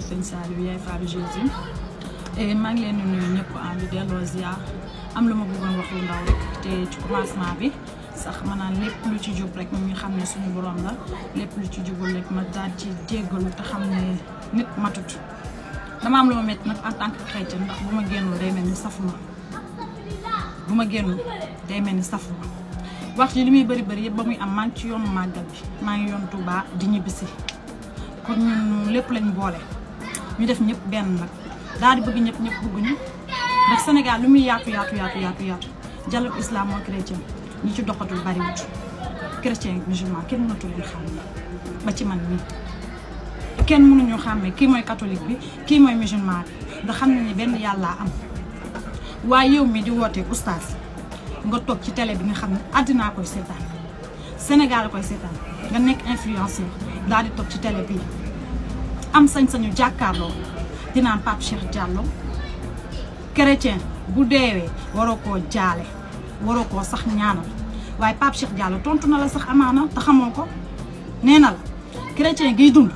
sëñ Saliou yaay Fallou Jésus eh, maa ngi leen di nuyu ñëpp am ah, di am lu ma bëggoon wax lu ndaw rek te ci bi sax maanaam lépp lu ci jub rek ñu xam ne suñu la lépp lu ci jubul rek ma daal ci jéggalu te xam ne nit matut am lu ma métti nag en mel ni safuma bu ma génnul mel ni safuma li muy bëri bëri yëpp ba muy am maa ci yoonu màggal bi maa ngi yoon Touba di ñibbisi kon ñun lépp lañu boole. ñu def ñëpp benn nag daal di bëgg ñëpp ñëpp bëgguñu ndax Sénégal lu muy yaatu yaatu yaatu yaatu yaatu dialogue islam moo chrétien ñi ci doxatul bariwut chrétien musulman kenn mënatul leen xàmme ba ci man mii kenn mënuñu xàmme kii mooy catholique bi kii mooy musulman bi ndax xam na ni benn yàllaa am waaye yow mii di wootee oustaz nga toog ci télé bi nga xam ne àddinaa koy seetaan Sénégal koy seetaan nga nekk influenceur daal di toog ci télé bi am sañ-sañu jàkkaarloo dinaan Pape Cheikh Diallo bu deewee waroo koo jaale waroo koo sax ñaanal waaye Pape Cheikh tontu na la sax amaana te xamoo ko nee na la chrétien giy dund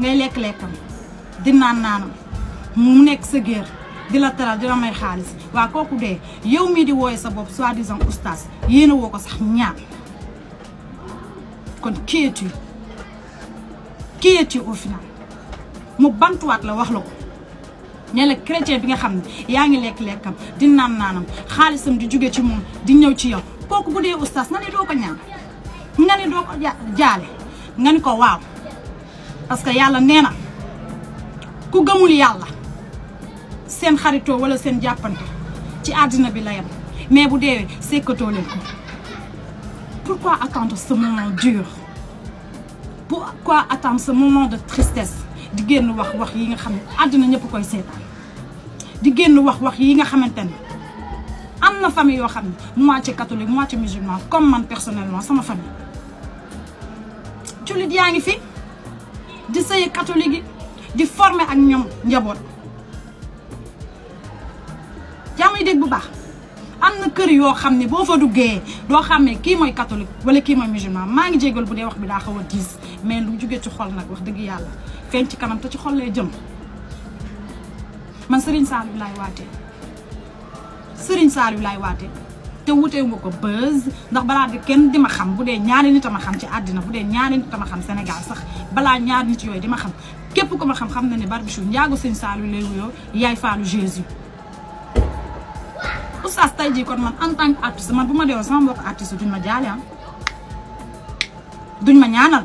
ngay lekk-lekkam di naan naanam mu nekk sa géer di la teral di la may xaalis waa kooku dee yow mii di wooye sa bopp soi-disant oustaz yéen woo ko sax ñaan kon qui es-tu qui es-tu au mu bantuwaat la wax la ko ne la chrétien bi nga xam ne yaa ngi lekk-lekkam di naan naanam xaalisam di jóge ci moom di ñëw ci yow kooku bu dee oustaz nga ne doo ko ñaan nga ne doo ko jaale nga ne ko waaw parce que yàlla nee na ku gëmul yàlla seen xaritoo wala seen jàppante ci àddina bi la yem mais bu deewee sekkatoo leen ko pourquoi attendre ce moment dur pourquoi attendre ce moment de tristesse di génn wax wax yi nga xam ne àddina ñëpp koy seetaan di génn wax wax yi nga xamante ne am na famille yoo xam ne moitié catholique moitié musulman comme man personnellement sama famille. jullit yaa ngi fi di sëy catholique yi di former ak ñoom njaboot yaa may dégg bu baax. am na kër yoo xam ne boo fa duggee doo xam ne kii mooy catholique wala kii mooy musulman maa ngi jégal bu dee wax bi daa xaw a diis mais lu jugee ci xol nag wax dëgg yàlla feeñ ci kanam te ci xol lay jëm man Serigne Saliou laay waatee Serigne Saliou laay waate te wutee nga ko buzz ndax balaa di kenn di ma xam bu dee ñaari nit a ma xam ci àddina bu dee ñaari nit a ma xam senegal sax balaa ñaari nit yooyu di ma xam képp ko ma xam xam na ne Barbichou njaago Serigne Saliou lay wuyoo yaay faalu Jésus oustaz tey jii kon man en tant que man bu ma sama mbokk artiste duñ ma jaale ah duñ ma ñaanal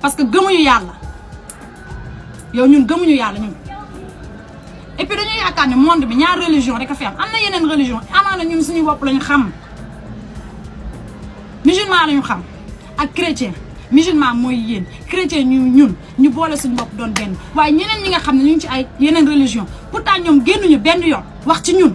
parce que gëmuñu yàlla yow ñun gëmuñu yàlla ñun et puis dañuy yaakaar monde bi ñaar religion rek a am am na religion amaana ñun suñu bopp lañu xam musulman lañu xam ak chrétien musulman mooy yéen chrétien ñu ñun ñu boole suñu doon ñi nga xam ñu ci ay religion pourtant yoon wax ci ñun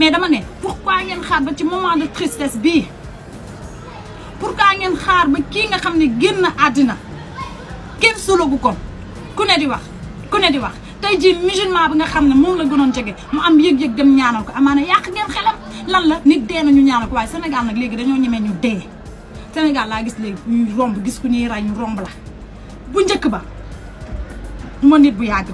mais dama ne pour pourquoi ngeen xaar ba ci moment de tristesse bii pourquoi ngeen xaar ba kii nga xam ne génn àddina kenn sulagu ko ku ne di wax ku ne di wax tey jii musulman bi nga xam ne moom la gënoon jege mu am yëg-yëg dem ñaanal ko amaana yàq ngeen xelam lan la nit dee nañu ñaanal ko waaye Sénégal nag léegi dañoo ñemee ñu dee Sénégal laa gis léegi ñuy romb gis ku ñuy rey ñu romb la bu njëkk ba ma nit bu yàgg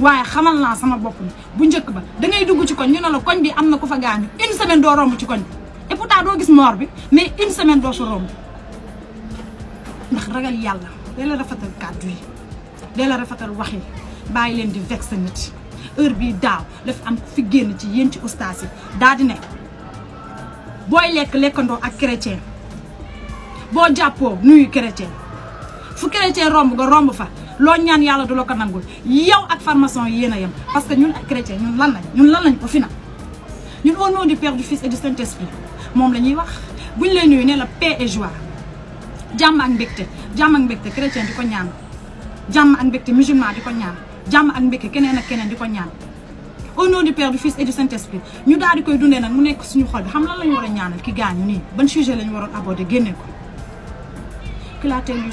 waaye xamal naa sama bopp bu njëkk ba da ngay dugg ci koñ ñu ne la koñ bi am na ko fa gaañu une semaine doo romb ci koñ et pourtant doo gis moor bi mais une semaine doo sa romb ndax ragal yàlla day la rafetal kàddu yi day la rafetal wax yi bàyyi leen di vexé nit heure bi daaw dafa am fi génn ci yéen ci ustaas yi di ne booy lekk lekkandoo ak chrétien boo jàppoo nuyu chrétien fu chrétien romb nga romb fa loo ñaan yàlla du la ko nangul yow ak formation yéen a yem parce que ñun ak chrétien ñun lan lañ ñun lan lañ ko fi na ñun au nom du Père du Fils et du Saint-Esprit moom la ñuy wax buñ lay nuyu ne la paix et joie jàmm ak mbégte jàmm ak mbégte chrétien di ko ñaan jàmm ak mbégte musulman di ko ñaan jàmm ak mbégte keneen ak keneen di ko ñaan au nom du Père du Fils et du Saint-Esprit ñu daal di koy dundee nag mu nekk suñu xol bi xam lan la ñu war a ñaanal ki gaañu nii ban sujet la ñu waroon aborder génne ko que la terre lui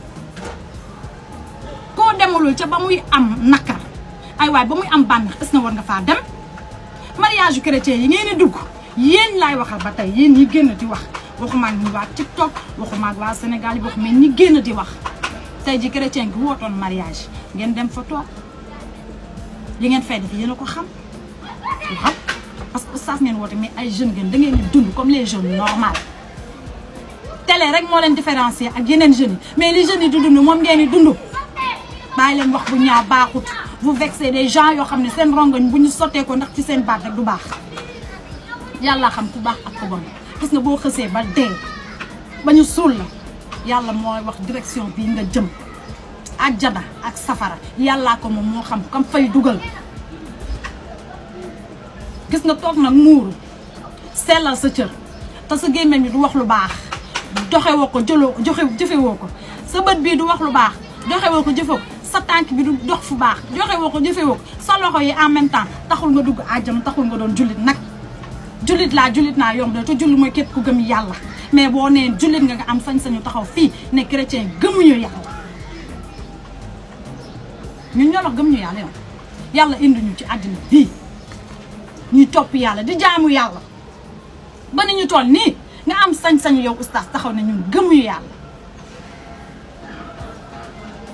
boo demalul ca ba muy am nakar ay waay ba muy am bànneex est na que war nga faa dem mariage yu chrétien yi ngeen di dugg yéen laay waxal ba tey yéen ñi génn di wax waxuma ak ñi waa TikTok waxuma ak waa Sénégal yi waxuma ñi génn di wax tey ji chrétien gi wootoon mariage ngeen dem foto toog li ngeen fay yéen a ko xam waaw parce que sas ngeen woote mais ay jeunes ngeen da ngeen di dund comme les jeunes normal télé rek moo leen différencier ak yeneen jeunes yi mais les jeunes yi di dund moom ngeen di dund bàyyi leen wax bu ñaaw baaxut bu vexez des gens yoo xam ne seen rongoñ bu ñu sottee ko ndax ci seen baat rek du baax yàlla xam ku baax ak ku bon gis nga boo xësee ba dee ba ñu suul la yàlla mooy wax direction bii nga jëm ak àjjana ak safara yàllaa ko moom moo xam kam fay dugal gis nga toog nag muuru sellal sa cër te sa gémmiñ bi du wax lu baax doxewoo ko jëloo joxe jëfewoo ko sa bët bii du wax lu baax doxewoo ko jëfoo sa tank bi du dox fu bax joxe woko jefe woko sa loxo yi en même temps taxul nga dugg aljam taxul nga don julit nak julit la julit na yom do to jul moy képp ku gem yalla mais bo ne julit nga nga am sañ-sañu taxaw fi ne chrétien gëmuñu yalla ñun ñoo wax gëmuñu yàlla yow yalla indi ñu ci aduna bi ñuy top yalla di jaamu yalla ba ni ñu toll ni nga am sañ-sañu yow oustaz taxaw ne ñun gëmuñu yalla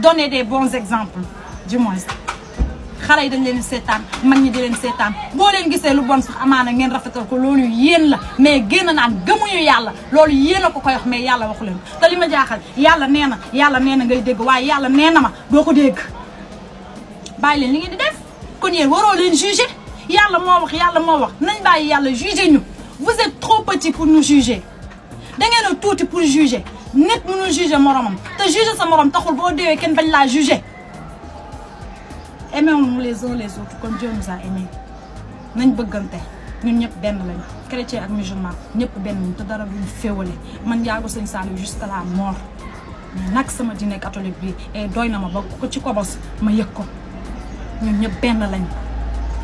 donner des bons exemples du moins xale yi dañ leen seetaan mag ñi di leen seetaan boo leen gisee lu bon sax amaana ngeen rafetal ko loolu yéen la mais génn naan gëmuñu yàlla loolu yéen a ko koy wax mais yàlla waxu leen te li ma jaaxal yàlla nee na yàlla nee na ngay dégg waaye yàlla nee na ma doo ko dégg bàyyi leen li ngeen di def kon yéen waroo leen juger yàlla moo wax yàlla moo wax nañ bàyyi yàlla juger ñu vous êtes trop petit pour nous juger da ngeen a tuuti pour juger nit mënul juger moromam te juger sa morom taxul bo deewee ken bañ la juger aimons-nous les uns les autres comme Dieu nous a aimés nañ bëggante ñun ñëpp ben lañ chrétien ak musulman ñëpp ben lañ te dara duñ féewale man yaago seigne Saliou jusqu'à la mort mais nag sama diine catholique bi eh, doy doyna ma ba ko ci kobos ma yëg ko ñun ñëpp ben lañ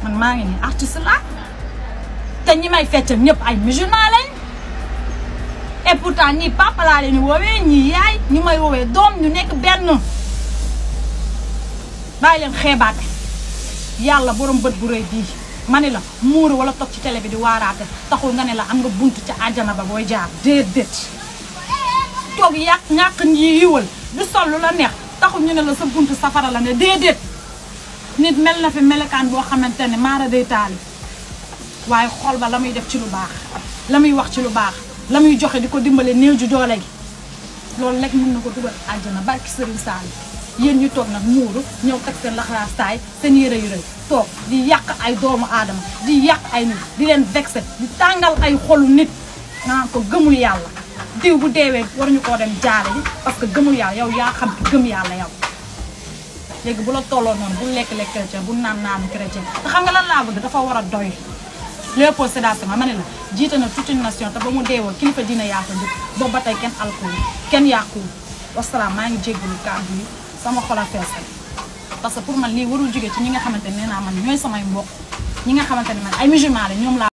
man maa ngi ne artiste la te ñi may feccal ñëpp ay musulman lañ et pourtant ñii papa laa leen ñii yaay ñi may woowee doom ñu nekk benn bàyyi leen xeebaate yàlla borom bët bu rëy bii ma ni la muuru wala toog ci télé bi di waaraate taxul nga ne la am nga bunt ci àjjana ba booy jaar déedéet toog yàq ñàq ñi yiwal du sol lu la neex taxul ñu ne la sa buntu safara la ne déedéet nit mel na fi melekaan boo xamante ne maara day taali waaye xool ba la muy def ci lu baax la muy wax ci lu baax la muy joxe di ko dimbalee néew ju doole gi loolu lekk mën na ko dugal àjjana barki sëriñ Saali yéen ñu toog nag muuru ñëw teg seen laxaraas saay seen yére yu rëy toog di yàq ay doomu aadama di yàq ay nit di leen vexé di tàngal ay xolu nit maanaam ko gëmul yàlla diw bu deewee ñu koo dem jaare ji parce que gëmul yàlla yow yaa xam ki gëm yàlla yow léegi bu la tolloo noonu bu lekk lekk chrétien bu naan naan chrétien te xam nga lan laa bëgg dafa war a doy Léopold Sédar Senghor ma ne la jiite na toute nation te ba mu dee woon kilifa diina yaa ko njëkk boobu ba tey kenn alkool kenn yàquwul wasalaam maa ngi jéggalu kàddu yi sama xol a fees parce que pour man lii warul jóge ci ñi nga xamante ne nee naa man ñooy samay mbokk ñi nga xamante ne man ay musulman la ñoom